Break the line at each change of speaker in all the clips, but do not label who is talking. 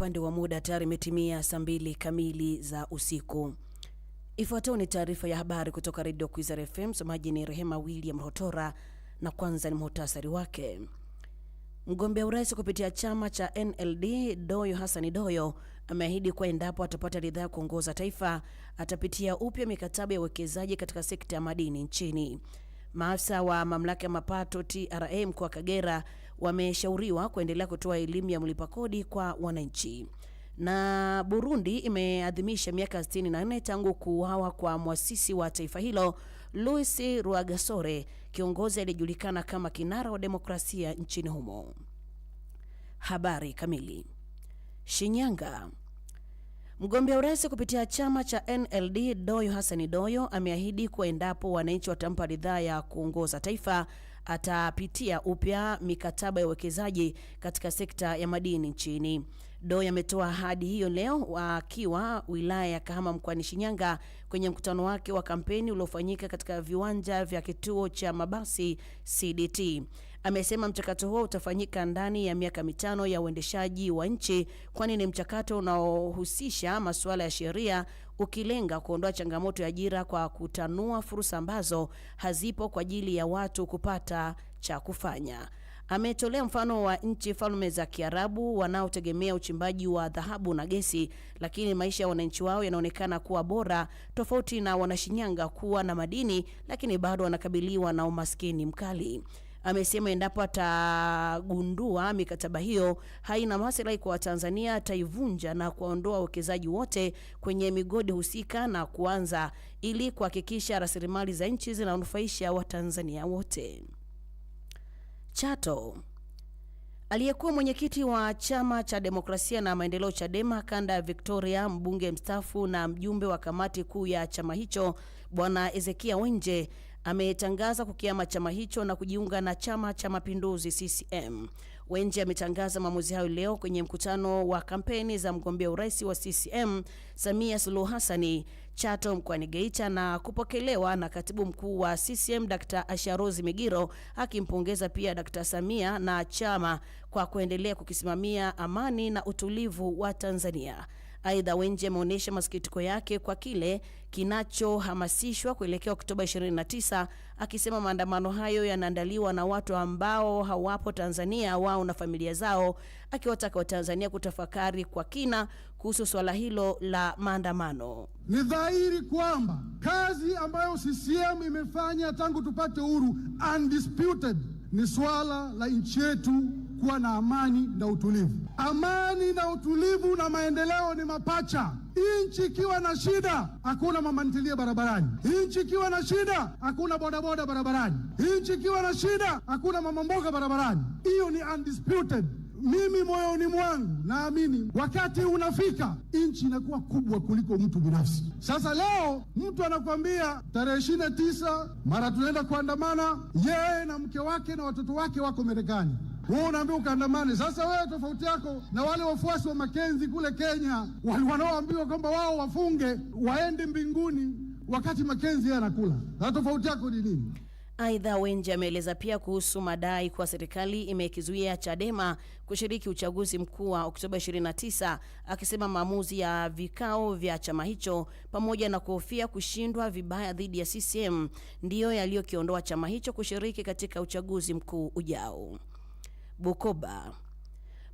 upande wa muda tayari imetimia saa mbili kamili za usiku. Ifuatayo ni taarifa ya habari kutoka redio Kwizera FM. Msomaji ni Rehema William rotora na kwanza ni muhtasari wake. Mgombea urais kupitia chama cha NLD Doyo hasani Doyo ameahidi kuwa endapo atapata ridhaa ya kuongoza taifa atapitia upya mikataba ya uwekezaji katika sekta ya madini nchini. Maafisa wa mamlaka ya mapato TRA mkoa wa Kagera wameshauriwa kuendelea kutoa elimu ya mlipa kodi kwa wananchi. Na Burundi imeadhimisha miaka 64 tangu kuuawa kwa mwasisi wa taifa hilo Louis Rwagasore, kiongozi aliyejulikana kama kinara wa demokrasia nchini humo. Habari kamili. Shinyanga. Mgombea urais kupitia chama cha NLD Doyo Hassan Doyo ameahidi kuwa endapo wananchi watampa ridhaa ya kuongoza taifa atapitia upya mikataba ya uwekezaji katika sekta ya madini nchini. Doe ametoa ahadi hiyo leo akiwa wilaya ya Kahama mkoani Shinyanga kwenye mkutano wake wa kampeni uliofanyika katika viwanja vya kituo cha mabasi CDT. Amesema mchakato huo utafanyika ndani ya miaka mitano ya uendeshaji wa nchi, kwani ni mchakato unaohusisha masuala ya sheria ukilenga kuondoa changamoto ya ajira kwa kutanua fursa ambazo hazipo kwa ajili ya watu kupata cha kufanya. Ametolea mfano wa nchi Falme za Kiarabu wanaotegemea uchimbaji wa dhahabu na gesi, lakini maisha ya wananchi wao yanaonekana kuwa bora, tofauti na Wanashinyanga kuwa na madini, lakini bado wanakabiliwa na umaskini mkali amesema endapo atagundua mikataba hiyo haina maslahi kwa Watanzania ataivunja na kuwaondoa wawekezaji wote kwenye migodi husika na kuanza ili kuhakikisha rasilimali za nchi zinanufaisha Watanzania wote. Chato. Aliyekuwa mwenyekiti wa chama cha demokrasia na maendeleo Chadema kanda ya Victoria, mbunge mstaafu na mjumbe wa kamati kuu ya chama hicho, Bwana Ezekia Wenje ametangaza kukiama chama hicho na kujiunga na chama cha mapinduzi CCM. Wenje ametangaza maamuzi hayo leo kwenye mkutano wa kampeni za mgombea urais wa CCM Samia Suluhu Hassan Chato mkoani Geita na kupokelewa na katibu mkuu wa CCM Dr. Asharozi Migiro akimpongeza pia Dr. Samia na chama kwa kuendelea kukisimamia amani na utulivu wa Tanzania. Aidha, Wenje ameonyesha masikitiko yake kwa kile kinachohamasishwa kuelekea Oktoba 29 akisema maandamano hayo yanaandaliwa na watu ambao hawapo Tanzania, wao na familia zao, akiwataka Watanzania kutafakari kwa kina kuhusu swala hilo la maandamano. Ni dhahiri kwamba kazi ambayo CCM imefanya tangu tupate uhuru undisputed ni swala la nchi yetu kuwa na amani na utulivu. Amani na utulivu na maendeleo ni mapacha. Nchi ikiwa na shida, hakuna mama barabarani. Nchi ikiwa na shida, hakuna bodaboda barabarani. Nchi ikiwa na shida, hakuna mamamboga barabarani. Hiyo ni undisputed. Mimi moyoni mwangu naamini wakati unafika nchi inakuwa kubwa kuliko mtu binafsi. Sasa leo mtu anakuambia tarehe ishirini na tisa mara tunaenda kuandamana, yeye na mke wake na watoto wake wako Marekani wewe unaambia ukaandamane. Sasa wewe tofauti yako na wale wafuasi wa Makenzi kule Kenya wanaoambiwa kwamba wao wafunge waende mbinguni, wakati Makenzi yeye anakula. Sasa tofauti yako ni nini? Aidha, wenji ameeleza pia kuhusu madai kuwa serikali imekizuia Chadema kushiriki uchaguzi mkuu wa Oktoba 29, akisema maamuzi ya vikao vya chama hicho pamoja na kuhofia kushindwa vibaya dhidi ya CCM ndiyo yaliyokiondoa chama hicho kushiriki katika uchaguzi mkuu ujao. Bukoba.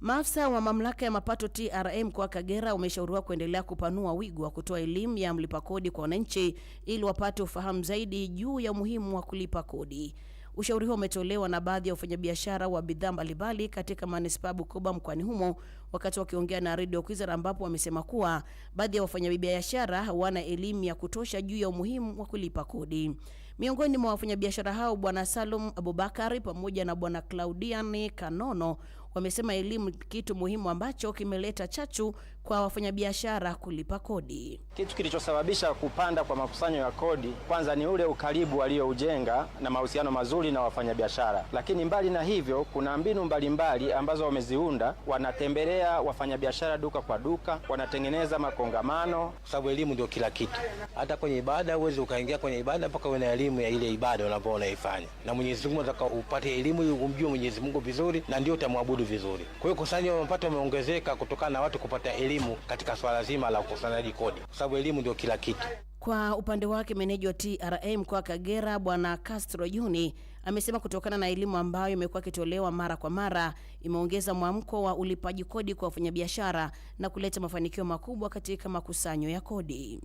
Maafisa wa mamlaka ya mapato TRA mkoa wa Kagera umeshauriwa kuendelea kupanua wigo wa kutoa elimu ya mlipa kodi kwa wananchi ili wapate ufahamu zaidi juu ya umuhimu wa kulipa kodi. Ushauri huo umetolewa na baadhi ya wafanyabiashara wa bidhaa mbalimbali katika manispaa ya Bukoba mkoani humo wakati wakiongea na Radio Kwizera, ambapo wamesema kuwa baadhi ya wafanyabiashara hawana elimu ya kutosha juu ya umuhimu wa kulipa kodi. Miongoni mwa wafanyabiashara hao Bwana Salum Abubakari pamoja na Bwana Claudian Kanono wamesema elimu kitu muhimu ambacho kimeleta chachu kwa wafanyabiashara kulipa kodi. Kitu kilichosababisha kupanda kwa makusanyo ya kodi, kwanza ni ule ukaribu walioujenga na mahusiano mazuri na wafanyabiashara, lakini mbali na hivyo, kuna mbinu mbalimbali ambazo wameziunda. Wanatembelea wafanyabiashara duka kwa duka, wanatengeneza makongamano, kwa sababu elimu ndio kila kitu. Hata kwenye ibada huwezi ukaingia kwenye ibada mpaka uwe na elimu ya ile ibada unapoona unaifanya, na Mwenyezi Mungu anataka upate elimu ili umjue Mwenyezi Mungu vizuri, na ndio utamwabudu vizuri. Kwa hiyo kusanyo mapato yameongezeka kutokana na watu kupata elimu elimu katika swala zima la ukusanyaji kodi, kwa sababu elimu ndio kila kitu. Kwa upande wake meneja wa TRA mkoa wa Kagera Bwana Castro Juni amesema kutokana na elimu ambayo imekuwa ikitolewa mara kwa mara imeongeza mwamko wa ulipaji kodi kwa wafanyabiashara na kuleta mafanikio makubwa katika makusanyo ya kodi.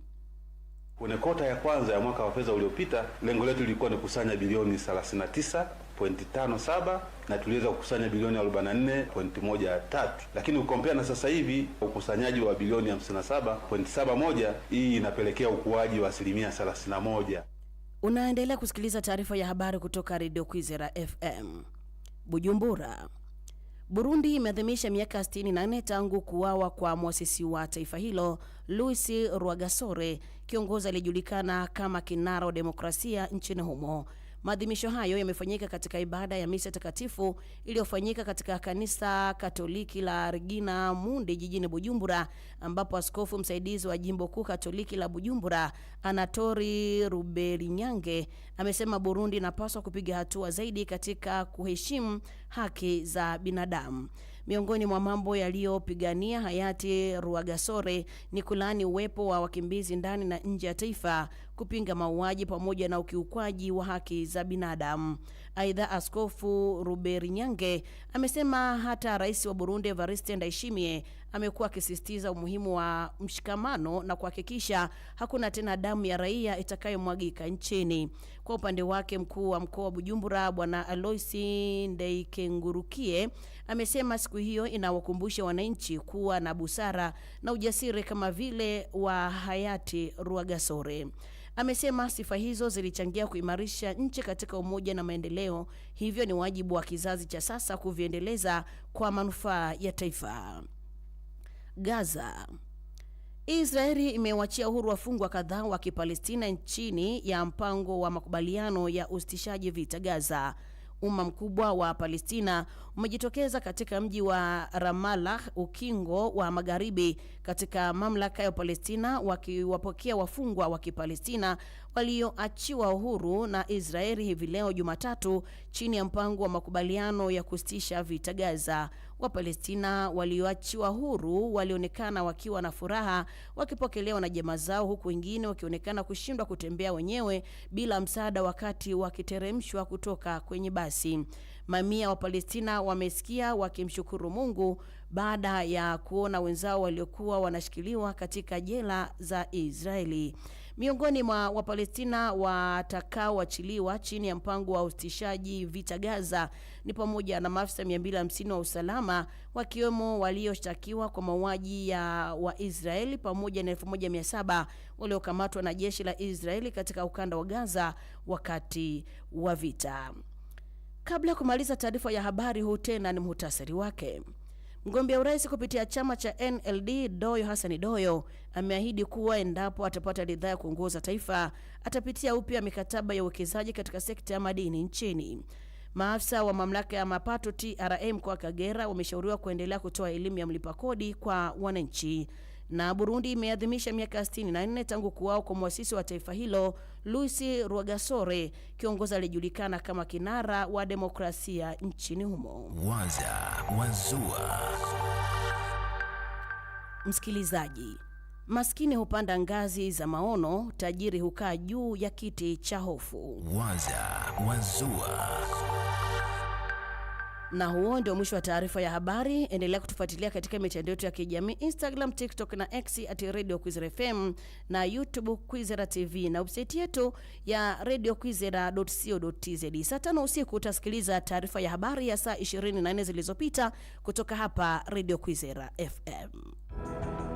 Kwenye kota ya kwanza ya mwaka wa fedha uliopita, lengo letu lilikuwa ni kusanya bilioni 39 57 na tuliweza kukusanya bilioni 44.13, lakini ukompea na sasa hivi ukusanyaji wa bilioni 57.71, hii inapelekea ukuaji wa asilimia 31. Unaendelea kusikiliza taarifa ya habari kutoka Radio Kwizera FM. Bujumbura, Burundi imeadhimisha miaka 68 tangu kuuawa kwa mwasisi wa taifa hilo Louis Rwagasore, kiongozi aliyejulikana kama kinara wa demokrasia nchini humo. Maadhimisho hayo yamefanyika katika ibada ya misa takatifu iliyofanyika katika kanisa Katoliki la Regina Mundi jijini Bujumbura, ambapo askofu msaidizi wa jimbo kuu Katoliki la Bujumbura Anatori Rubelinyange amesema Burundi inapaswa kupiga hatua zaidi katika kuheshimu haki za binadamu. Miongoni mwa mambo yaliyopigania hayati Rwagasore ni kulaani uwepo wa wakimbizi ndani na nje ya taifa, kupinga mauaji pamoja na ukiukwaji wa haki za binadamu. Aidha, Askofu Ruberinyange amesema hata Rais wa Burundi Evariste Ndayishimiye amekuwa akisisitiza umuhimu wa mshikamano na kuhakikisha hakuna tena damu ya raia itakayomwagika nchini. Kwa upande wake, mkuu wa mkoa wa Bujumbura Bwana Aloisi Ndeikengurukie amesema siku hiyo inawakumbusha wananchi kuwa na busara na ujasiri kama vile wa hayati Rwagasore. Amesema sifa hizo zilichangia kuimarisha nchi katika umoja na maendeleo, hivyo ni wajibu wa kizazi cha sasa kuviendeleza kwa manufaa ya taifa. Gaza. Israeli imewachia uhuru wafungwa kadhaa wa Kipalestina chini ya mpango wa makubaliano ya usitishaji vita Gaza. Umma mkubwa wa Palestina umejitokeza katika mji wa Ramallah, ukingo wa magharibi, katika mamlaka ya Palestina, wakiwapokea wafungwa wa Kipalestina walioachiwa uhuru na Israeli hivi leo Jumatatu, chini ya mpango wa makubaliano ya kusitisha vita Gaza. Wapalestina walioachiwa huru walionekana wakiwa na furaha wakipokelewa na jamaa zao, huku wengine wakionekana kushindwa kutembea wenyewe bila msaada wakati wakiteremshwa kutoka kwenye basi. Mamia wa Palestina wamesikia wakimshukuru Mungu baada ya kuona wenzao waliokuwa wanashikiliwa katika jela za Israeli. Miongoni mwa Wapalestina watakaoachiliwa chini ya mpango wa usitishaji vita Gaza ni pamoja na maafisa 250 wa usalama wakiwemo walioshtakiwa kwa mauaji ya Waisraeli pamoja na 1700 waliokamatwa na jeshi la Israeli katika ukanda wa Gaza wakati wa vita. Kabla ya kumaliza taarifa ya habari, huu tena ni muhtasari wake. Mgombea urais kupitia chama cha NLD Doyo Hassan Doyo ameahidi kuwa endapo atapata ridhaa ya kuongoza taifa atapitia upya mikataba ya uwekezaji katika sekta ya madini nchini. Maafisa wa mamlaka ya mapato TRA mkoa wa Kagera wameshauriwa kuendelea kutoa elimu ya mlipa kodi kwa wananchi. Na Burundi imeadhimisha miaka 64 tangu kuwao kwa mwasisi wa taifa hilo Louis Rwagasore, kiongozi aliyejulikana kama kinara wa demokrasia nchini humo. Waza Wazua. Msikilizaji, maskini hupanda ngazi za maono, tajiri hukaa juu ya kiti cha hofu. Waza Wazua. Na huo ndio mwisho wa taarifa ya habari. Endelea kutufuatilia katika mitandao yetu ya kijamii Instagram, TikTok na X at Radio Kwizera FM na YouTube Kwizera TV na website yetu ya radiokwizera.co.tz. Saa tano usiku utasikiliza taarifa ya habari ya saa 24 zilizopita kutoka hapa Radio Kwizera FM.